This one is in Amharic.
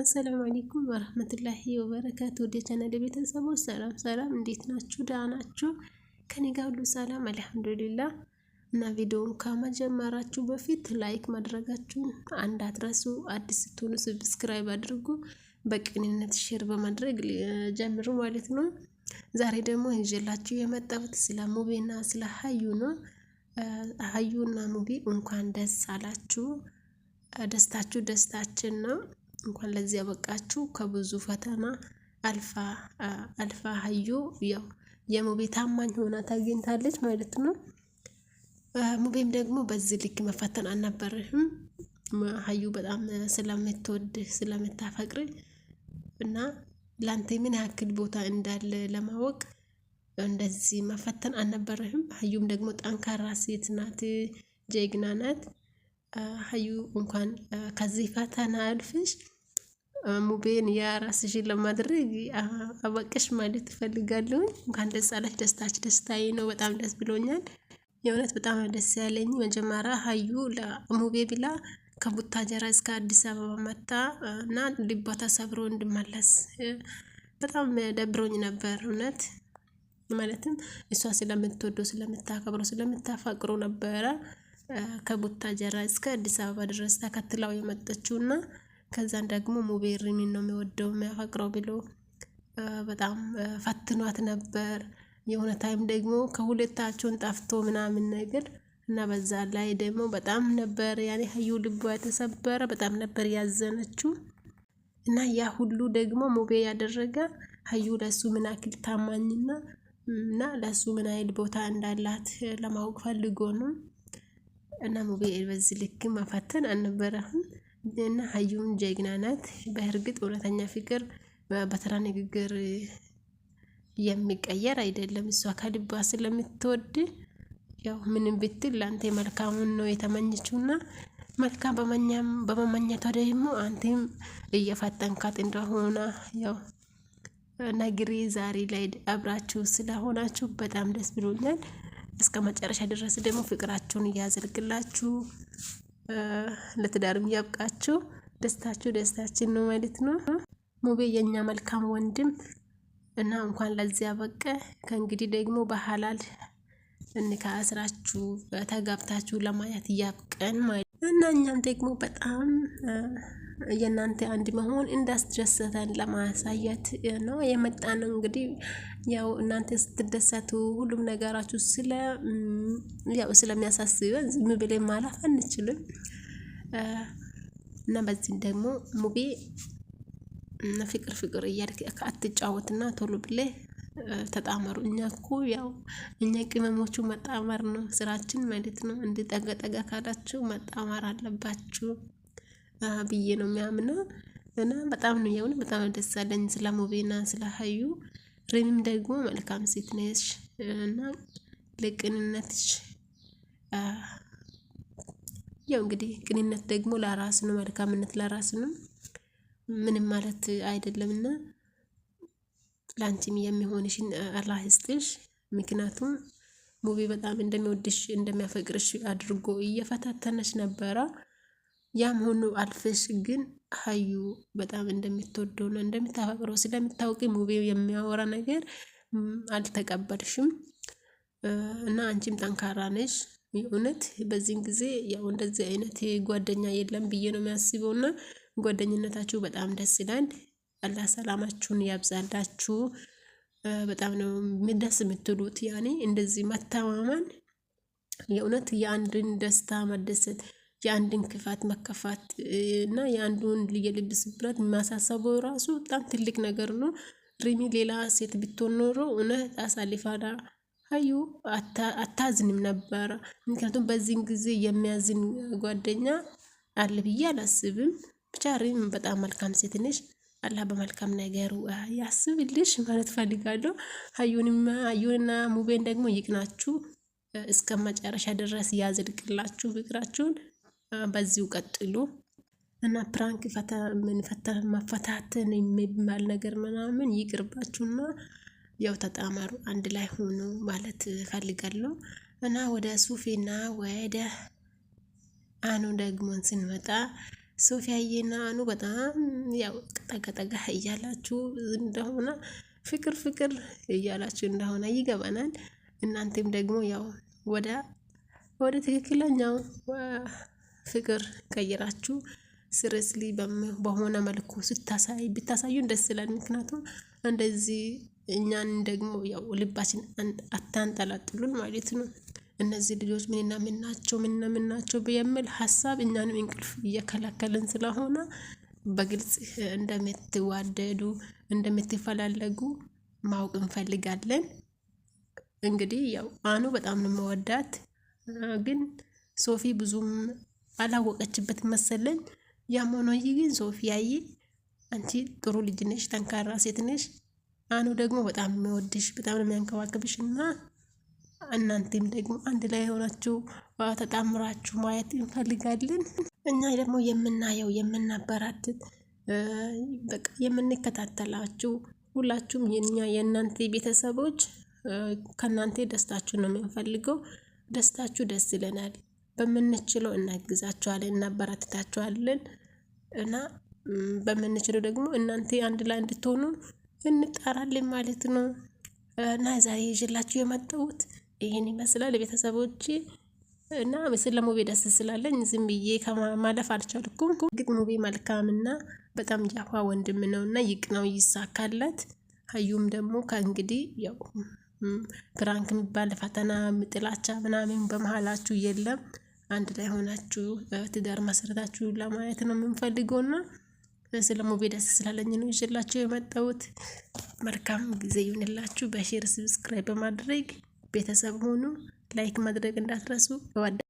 አሰላሙ አለይኩም ወረህመቱላሂ ወበረካቱ። ወደ ቻናል ቤተሰቦች ሰላም ሰላም፣ እንዴት ናችሁ? ደህና ናችሁ? ከኔ ጋር ሁሉ ሰላም አልሐምዱሊላ። እና ቪዲዮውን ከመጀመራችሁ በፊት ላይክ ማድረጋችሁን እንዳትረሱ። አዲስ ስትሆኑ ሰብስክራይብ አድርጉ። በቅንነት ሼር በማድረግ ጀምሩ ማለት ነው። ዛሬ ደግሞ ይዤላችሁ የመጣሁት ስለ ሙቤና ስለ ሀዩ ነው። ሀዩና ሙቤ እንኳን ደስ አላችሁ። ደስታችሁ ደስታችን ነው። እንኳን ለዚህ ያበቃችሁ። ከብዙ ፈተና አልፋ አልፋ ሀዩ ያው የሙቤ ታማኝ ሆና ታግኝታለች ማለት ነው። ሙቤም ደግሞ በዚህ ልክ መፈተን አልነበረህም። ሀዩ በጣም ስለምትወድ ስለምታፈቅር እና ለአንተ ምን ያክል ቦታ እንዳለ ለማወቅ እንደዚህ መፈተን አልነበረህም። ሀዩም ደግሞ ጠንካራ ሴት ናት፣ ጀግና ናት። ሀዩ እንኳን ከዚህ ፈተና አልፍሽ ሙቤን የራስሽን ለማድረግ አበቅሽ ማለት እፈልጋለሁ። እንኳን ደስ አለሽ። ደስታች ደስታዬ ነው። በጣም ደስ ብሎኛል። የእውነት በጣም ደስ ያለኝ መጀመሪያ ሀዩ ለሙቤ ብላ ከቡታጀራ እስከ አዲስ አበባ መታ እና ልቧ ተሰብሮ እንድመለስ በጣም ደብሮኝ ነበር። እውነት ማለትም እሷ ስለምትወደው ስለምታከብረው ስለምታፋቅሮ ነበረ ከቡታጀራ እስከ አዲስ አበባ ድረስ ተከትለው የመጠችው እና ከዛን ደግሞ ሙቤሪምን ነው የሚወደው የሚያፈቅረው ብሎ በጣም ፈትኗት ነበር። የሆነ ታይም ደግሞ ከሁለታቸውን ጠፍቶ ምናምን ነገር እና በዛ ላይ ደግሞ በጣም ነበር ያኔ ሀዩ ልቧ የተሰበረ በጣም ነበር ያዘነችው። እና ያ ሁሉ ደግሞ ሙቤ ያደረገ ሀዩ ለሱ ምን አክል ታማኝና እና ለሱ ምን አይል ቦታ እንዳላት ለማወቅ ፈልጎ ነው። እና ሙቤ በዚህ ልክ ማፋተን አልነበረህም እና ሀዩም ጀግና ናት። በእርግጥ እውነተኛ ፍቅር በተራ ንግግር የሚቀየር አይደለም። እሷ ከልባ ስለምትወድ ያው ምንም ብትል ለአንተ መልካሙን ነው የተመኘችውና መልካም በመመኘቷ ደግሞ አንተም እየፈተንካት እንደሆነ ያው ነግሬ ዛሬ ላይ አብራችሁ ስለሆናችሁ በጣም ደስ ብሎኛል። እስከ መጨረሻ ድረስ ደግሞ ፍቅራችሁን እያዘልግላችሁ ለትዳርም እያብቃችሁ ደስታችሁ ደስታችን ነው ማለት ነው። ሙቤ የእኛ መልካም ወንድም እና እንኳን ለዚያ በቀ ከእንግዲህ ደግሞ በሀላል እንካስራችሁ ተጋብታችሁ ለማየት እያብቀን ማለት እና እኛም ደግሞ በጣም የእናንተ አንድ መሆን እንዳስደሰተን ለማሳየት ነው የመጣ ነው። እንግዲህ ያው እናንተ ስትደሰቱ ሁሉም ነገራችሁ ስለ ያው ስለሚያሳስበን ዝም ብለን ማለፍ አንችልም እና በዚህ ደግሞ ሙቤ ፍቅር ፍቅር እያልክ አትጫወትና ቶሎ ብለ ተጣመሩ። እኛ እኮ ያው እኛ ቅመሞቹ መጣመር ነው ስራችን ማለት ነው። እንደ ካላችሁ መጣመር አለባችሁ። ብዬ ነው የሚያምነው እና በጣም ነው የሆነ በጣም ደስ ያለኝ ስለ ሙቤና ስለ ሀዩ። ሪምም ደግሞ መልካም ሴት ነሽ እና ለቅንነትሽ ያው እንግዲህ ቅንነት ደግሞ ለራስ ነው፣ መልካምነት ለራስ ነው። ምንም ማለት አይደለምና ለአንቺም የሚሆንሽን አላህ ይስጥሽ። ምክንያቱም ሙቤ በጣም እንደሚወድሽ እንደሚያፈቅርሽ አድርጎ እየፈታተነች ነበረ። ያም ሆኖ አልፍሽ ግን ሀዩ በጣም እንደምትወደውና እንደምታፈቅረው ስለምታውቂ ሙቤ የሚያወራ ነገር አልተቀበልሽም እና አንቺም ጠንካራ ነሽ። የእውነት በዚህን ጊዜ ያው እንደዚህ አይነት ጓደኛ የለም ብዬ ነው የሚያስበው እና ጓደኝነታችሁ በጣም ደስ ይላል። አላህ ሰላማችሁን ያብዛላችሁ። በጣም ነው ደስ የምትሉት። ያኔ እንደዚህ መተማመን የእውነት የአንድን ደስታ መደሰት የአንድን ክፋት መከፋት እና የአንዱን የልብ ስብራት ማሳሰቡ ራሱ በጣም ትልቅ ነገር ነው። ሪሚ ሌላ ሴት ብትሆን ኖሮ እውነት አሳልፋ ሀዩ አታዝንም ነበረ። ምክንያቱም በዚህን ጊዜ የሚያዝን ጓደኛ አለ ብዬ አላስብም። ብቻ ሪሚ በጣም መልካም ሴት ነሽ። አላህ በመልካም ነገሩ ያስብልሽ ማለት ፈልጋለሁ። ሀዩንም ሀዩንና ሙቤን ደግሞ ይቅናችሁ እስከ መጨረሻ ድረስ ያዝድቅላችሁ ፍቅራችሁን። በዚሁ ቀጥሉ እና ፕራንክ መፈታተን የሚባል ነገር ምናምን ይቅርባችሁና ያው ተጣመሩ፣ አንድ ላይ ሆኑ ማለት ፈልጋለሁ እና ወደ ሱፊና ወደ አኑ ደግሞ ስንመጣ ሶፊያዬና አኑ በጣም ያው ጠጋጠጋ እያላችሁ እንደሆነ ፍቅር ፍቅር እያላችሁ እንደሆነ ይገባናል። እናንተም ደግሞ ያው ወደ ወደ ትክክለኛው ፍቅር ቀይራችሁ ስርስሊ በሆነ መልኩ ስታሳይ ብታሳዩን ደስ ይላል። ምክንያቱም እንደዚህ እኛን ደግሞ ያው ልባችን አታንጠላጥሉን ማለት ነው። እነዚህ ልጆች ምንና ምን ናቸው ምንና ምን ናቸው የሚል ሀሳብ እኛንም እንቅልፍ እየከላከልን ስለሆነ በግልጽ እንደምትዋደዱ እንደምትፈላለጉ ማወቅ እንፈልጋለን። እንግዲህ ያው አኑ በጣም ነው መወዳት፣ ግን ሶፊ ብዙም አላወቀችበት መሰለኝ። ያም ሆኖ ግን ሶፊያዬ አንቺ ጥሩ ልጅ ነሽ፣ ጠንካራ ሴት ነሽ። አኑ ደግሞ በጣም የሚወድሽ በጣም የሚያንከባክብሽ እና እናንተም ደግሞ አንድ ላይ የሆናችሁ ተጣምራችሁ ማየት እንፈልጋለን። እኛ ደግሞ የምናየው የምናበራትት በቃ የምንከታተላችሁ ሁላችሁም የኛ የእናንተ ቤተሰቦች ከእናንተ ደስታችሁ ነው የምንፈልገው። ደስታችሁ ደስ ይለናል። በምንችለው እናግዛቸዋለን፣ እናበረታታቸዋለን እና በምንችለው ደግሞ እናንተ አንድ ላይ እንድትሆኑ እንጣራለን ማለት ነው። እና ዛሬ ይዤላችሁ የመጣሁት ይህን ይመስላል ቤተሰቦቼ። እና ምስል ለሙቪ ደስ ስላለኝ ዝም ብዬ ከማለፍ አልቻልኩም። እርግጥ ሙቪ መልካምና በጣም ጃፋ ወንድም ነው እና ነው ይሳካለት። ሀዩም ደግሞ ከእንግዲህ ያው ፕራንክ የሚባል ፈተና፣ ጥላቻ ምናምን በመሀላችሁ የለም። አንድ ላይ ሆናችሁ ትዳር መሰረታችሁ ለማየት ነው እና ስለ ሙቪ ደስ ስላለኝ ነው ይዤላችሁ የመጣሁት። መልካም ጊዜ ይሁንላችሁ። በሼር ሰብስክራይብ በማድረግ ቤተሰብ ሆኑ። ላይክ ማድረግ እንዳትረሱ።